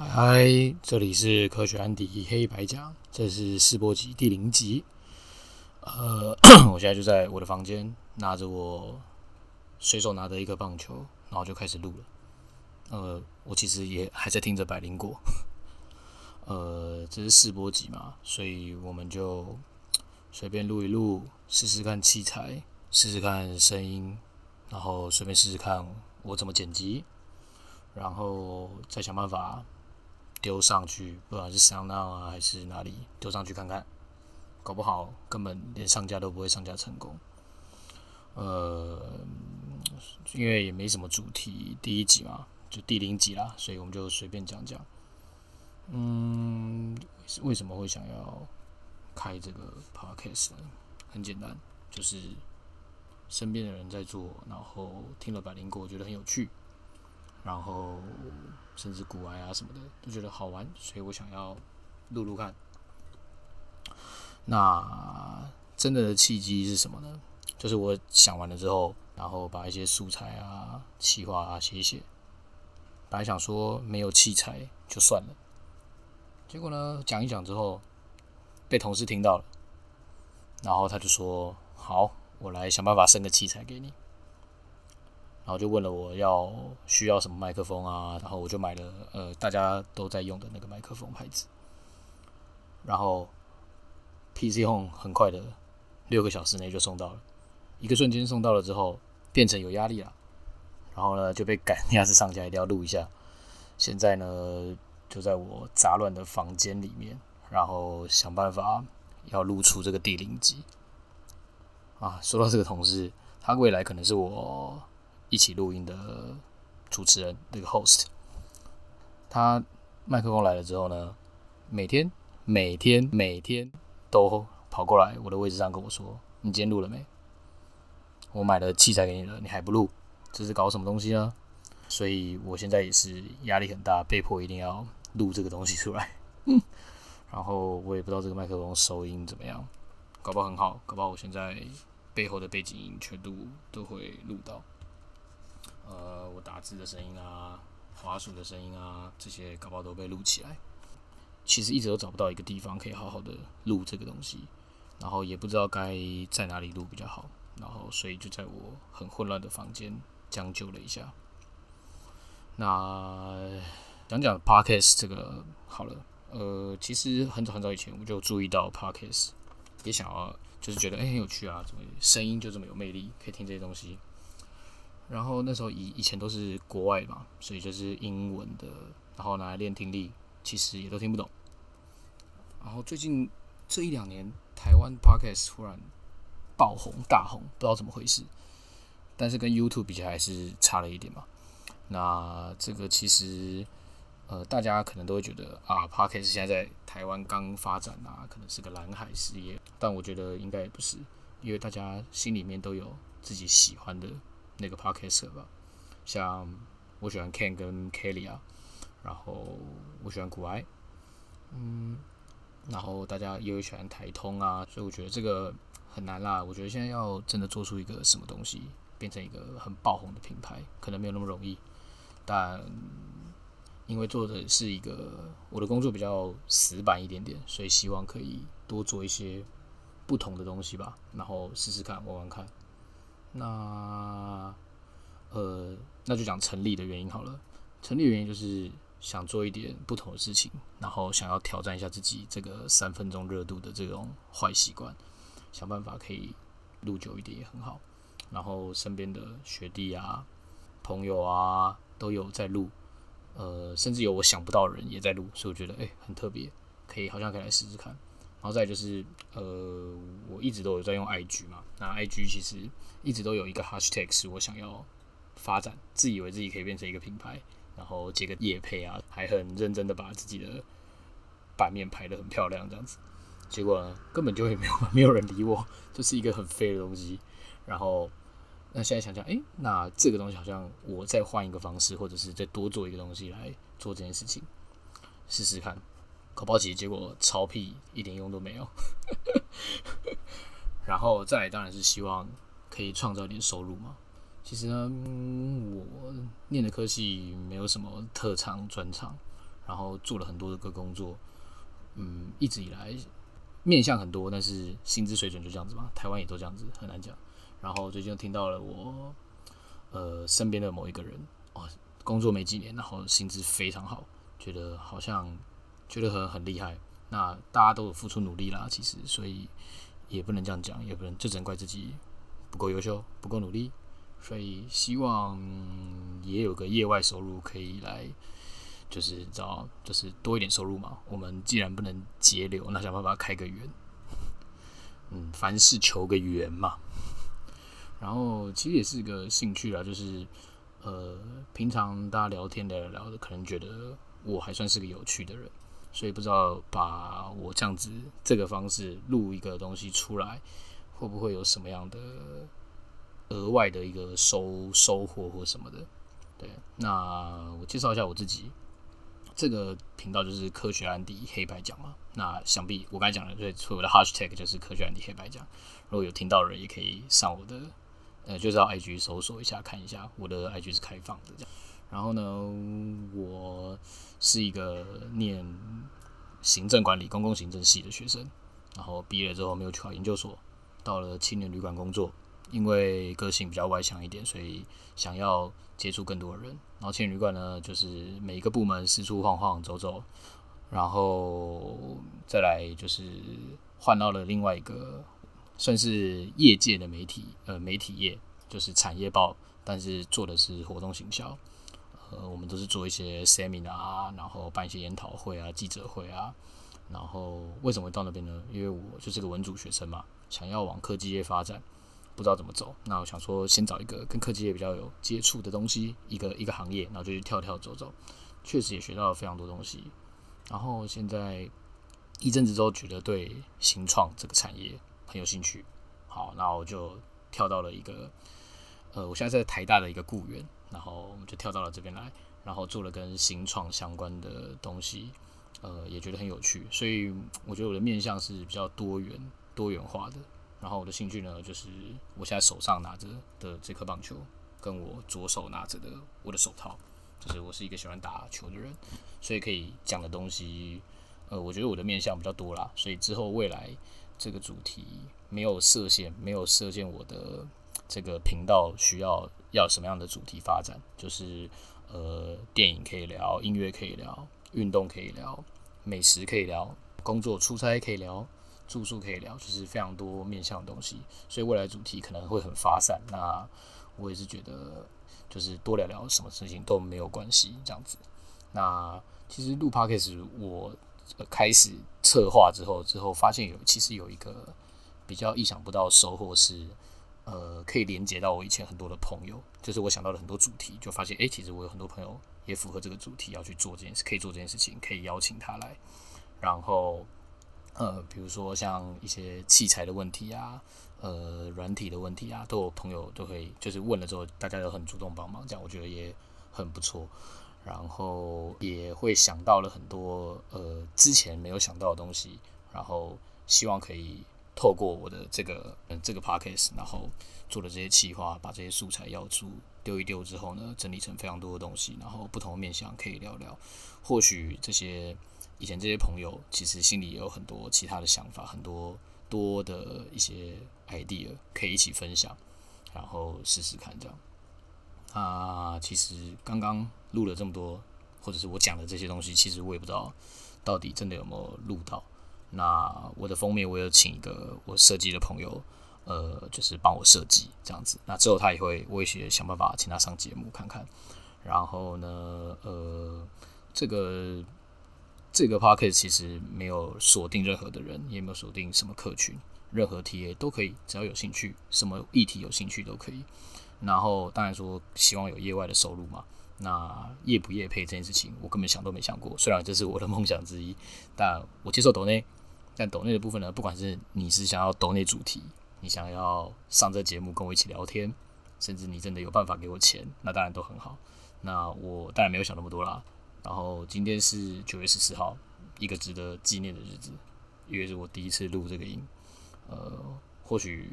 嗨，這裡是科學安迪黑白講，這是試播集第零集。呃，咳咳，我現在就在我的房間，拿着我隨手拿的一個棒球，然後就開始錄了。呃，我其實也還在聽着百靈果。呃，這是試播集嘛，所以我們就隨便錄一錄，試試看器材，試試看聲音，然後隨便試試看我怎麼剪輯，然後再想辦法。丟上去，不管是 SoundOn 啊，還是哪裡，丟上去看看，搞不好根本連上架都不會上架成功。呃，因為也沒什麼主題，第一集嘛，就第零集啦，所以我們就隨便講講。嗯，為什麼會想要開這個 Podcast 呢？很簡單，就是身邊的人在做，然後聽了百靈果，覺得很有趣。然後甚至古玩啊什麼的都覺得好玩，所以我想要錄錄看。那真的的契機是什麼呢？就是我想完了之後，然後把一些素材啊、企劃啊寫一寫。本來想說沒有器材就算了，結果呢講一講之後，被同事聽到了，然後他就說：“好，我來想辦法生個器材給你。”然後就問了我要需要什麼麥克風啊，然後我就買了呃大家都在用的那個麥克風牌子，然後 PC Home 很快的六個小時內就送到了，一個瞬間送到了之後變成有壓力了，然後呢就被趕鴨子上架，一定要錄一下。現在呢就在我雜亂的房間裡面，然後想辦法要錄出這個第零集。啊，說到這個同事，他未來可能是我，一起錄音的主持人那個 host，他麥克風來了之後呢，每天每天每天都跑過來我的位置上跟我說：“你今天錄了沒？我買了器材給你了，你還不錄，這是搞什麼東西呢？”所以我現在也是壓力很大，被迫一定要錄這個東西出來。 然後我也不知道這個麥克風收音怎麼樣，搞不好很好，搞不好我現在背後的背景音全都都會錄到。呃，我打字的聲音啊，滑鼠的聲音啊，這些搞不好都被錄起來。其實一直都找不到一個地方可以好好的錄這個東西，然後也不知道該在哪裡錄比較好，然後所以就在我很混亂的房間將就了一下。那講講 Podcast 這個好了，呃，其實很早很早以前我就注意到 Podcast，也想要就是覺得哎很有趣啊，怎麼聲音就這麼有魅力，可以聽這些東西。然後那時候以以前都是國外嘛，所以就是英文的，然後拿來練聽力，其實也都聽不懂。然後最近這一兩年，台灣 Podcast 突然爆紅大紅，不知道怎麼回事。但是跟 YouTube 比起來還是差了一點嘛。那這個其實呃，大家可能都會覺得啊，Podcast 現在在台灣剛發展啊，可能是個藍海事業。但我覺得應該也不是，因為大家心裡面都有自己喜歡的。那個 podcast 吧，像我喜歡 Ken 跟 Kelly 啊，然後我喜歡股癌，嗯，然後大家也會喜歡台通啊，所以我覺得這個很難啦。我覺得現在要真的做出一個什麼東西，變成一個很爆紅的品牌，可能沒有那麼容易。但因為做的是一個我的工作比較死板一點點，所以希望可以多做一些不同的東西吧，然後試試看，玩玩看。那，呃，那就講成立的原因好了。成立的原因就是想做一點不同的事情，然後想要挑戰一下自己這個三分鐘熱度的這種壞習慣，想辦法可以錄久一點也很好。然後身邊的學弟啊、朋友啊都有在錄，呃，甚至有我想不到的人也在錄，所以我覺得欸，很特別，可以好像可以來試試看。然後再就是，呃，我一直都有在用 IG 嘛，那 IG 其實一直都有一個 hashtag 是我想要發展，自以為自己可以變成一個品牌，然後接個業配啊，還很認真的把自己的版面排得很漂亮這樣子，結果根本就會沒有沒有人理我，這是一個很廢的東西。然後那現在想想，誒、欸，那這個東西好像我再換一個方式，或者是再多做一個東西來做這件事情，試試看。考報捷，結果超屁一點用都沒有。 然後再來當然是希望可以創造一點收入嘛。其實呢，我念的科系沒有什麼特長專長，然後做了很多的個工作，嗯，一直以來面向很多，但是薪資水準就這樣子嘛。台灣也都這樣子，很難講。然後最近又聽到了我呃身邊的某一個人哦，工作沒幾年，然後薪資非常好，覺得好像。覺得很很厲害，那大家都有付出努力啦，其實所以也不能這樣講，也不能，這只能怪自己不夠優秀，不夠努力，所以希望也有個業外收入可以來，就是找，就是多一點收入嘛。我們既然不能節流，那想辦法開個源，嗯，凡事求個圓嘛。然後其實也是個興趣啦，就是呃，平常大家聊天來來聊聊的，可能覺得我還算是個有趣的人。所以不知道把我這樣子這個方式錄一個東西出來，會不會有什麼樣的額外的一個收收穫或什麼的？對，那我介紹一下我自己，這個頻道就是科學安迪黑白講嘛。那想必我剛才講的最所有的 hashtag 就是科學安迪黑白講。如果有聽到的人也可以上我的呃，就是到 IG 搜索一下，看一下我的 IG 是開放的這樣。然後呢，我是一個念行政管理、公共行政系的學生。然後畢業之後沒有去考研究所，到了青年旅館工作。因為個性比較外向一點，所以想要接觸更多的人。然後青年旅館呢，就是每一個部門四處晃晃、走走，然後再來就是換到了另外一個算是業界的媒體，呃，媒體業就是產業報，但是做的是活動行銷。呃，我們都是做一些 seminar 啊，然後辦一些研討會啊、記者會啊，然後為什麼會到那邊呢？因為我就是個文組學生嘛，想要往科技業發展，不知道怎麼走，那我想說先找一個跟科技業比較有接觸的東西，一個一個行業，然後就去跳跳走走，確實也學到了非常多東西。然後現在一陣子之後，覺得對新創這個產業很有興趣，好，那我就跳到了一個，呃，我現在在台大的一個雇員。然後我們就跳到了這邊來，然後做了跟新創相關的東西，呃，也覺得很有趣，所以我覺得我的面向是比較多元、多元化的。然後我的興趣呢，就是我現在手上拿着的這顆棒球，跟我左手拿着的我的手套，就是我是一個喜歡打球的人，所以可以講的東西，呃，我覺得我的面向比較多啦，所以之後未來這個主題沒有設限，沒有設限。我的這個頻道需要。要什麼樣的主題發展？就是呃，電影可以聊，音樂可以聊，運動可以聊，美食可以聊，工作出差可以聊，住宿可以聊，就是非常多面向的東西。所以未來主題可能會很發散。那我也是覺得，就是多聊聊什麼事情都沒有關係，這樣子。那其實錄 p 開始我開始策劃之後，之後發現有其實有一個比較意想不到的收穫是。呃，可以連接到我以前很多的朋友，就是我想到了很多主題，就發現誒、欸，其實我有很多朋友也符合這個主題，要去做這件事，可以做這件事情，可以邀請他來。然後，呃，比如說像一些器材的問題啊，呃，軟體的問題啊，都有朋友都會，就是問了之後，大家都很主動幫忙，這樣我覺得也很不錯。然後也會想到了很多，呃，之前沒有想到的東西，然後希望可以透過我的這個嗯這個 Podcast，然後做了這些企劃，把這些素材要出丟一丟之後呢，整理成非常多的東西，然後不同的面向可以聊聊。或許這些以前這些朋友其實心裡也有很多其他的想法，很多多的一些 idea 可以一起分享，然後試試看這樣。啊，其實剛剛錄了這麼多，或者是我講的這些東西，其實我也不知道到底真的有沒有錄到。那我的封面，我有請一個我設計的朋友，呃，就是幫我設計這樣子。那之後他也會我也，也想辦法請他上節目看看。然後呢，呃，這個這個 Podcast 其實沒有鎖定任何的人，也沒有鎖定什麼客群，任何 T A 都可以，只要有興趣，什麼議題有興趣都可以。然後當然說，希望有業外的收入嘛。那業不業配這件事情，我根本想都沒想過。雖然這是我的夢想之一，但我接受 donate。但抖內的部分呢，不管是你是想要抖內主題，你想要上這節目跟我一起聊天，甚至你真的有辦法給我錢，那當然都很好。那我當然沒有想那麼多啦。然後今天是九月十四號，一個值得紀念的日子，因為是我第一次錄這個音。呃，或許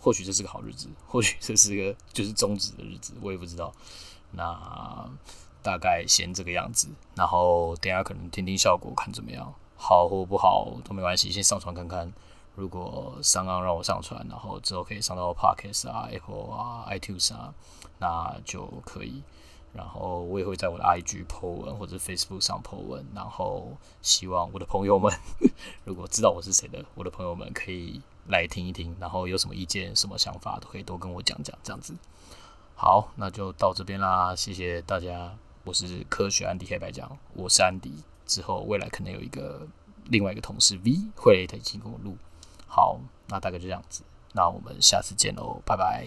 或許這是個好日子，或許這是一個就是終止的日子，我也不知道。那大概先這個樣子，然後等一下可能聽聽效果，看怎麼樣。好或不好都沒關係，先上傳看看。如果上岸讓我上傳，然後之後可以上到 Podcast 啊、Apple 啊、iTunes 啊，那就可以。然後我也會在我的 IG Po 文或者 Facebook 上 Po 文。然後希望我的朋友們呵呵，如果知道我是誰的，我的朋友們可以來聽一聽。然後有什麼意見、什麼想法，都可以多跟我講講。這樣子，好，那就到這邊啦。謝謝大家，我是科學安迪黑白講，我是安迪。之後，未來可能有一個另外一個同事 V 會他一起跟我錄，好，那大概就這樣子，那我們下次見嘍，拜拜。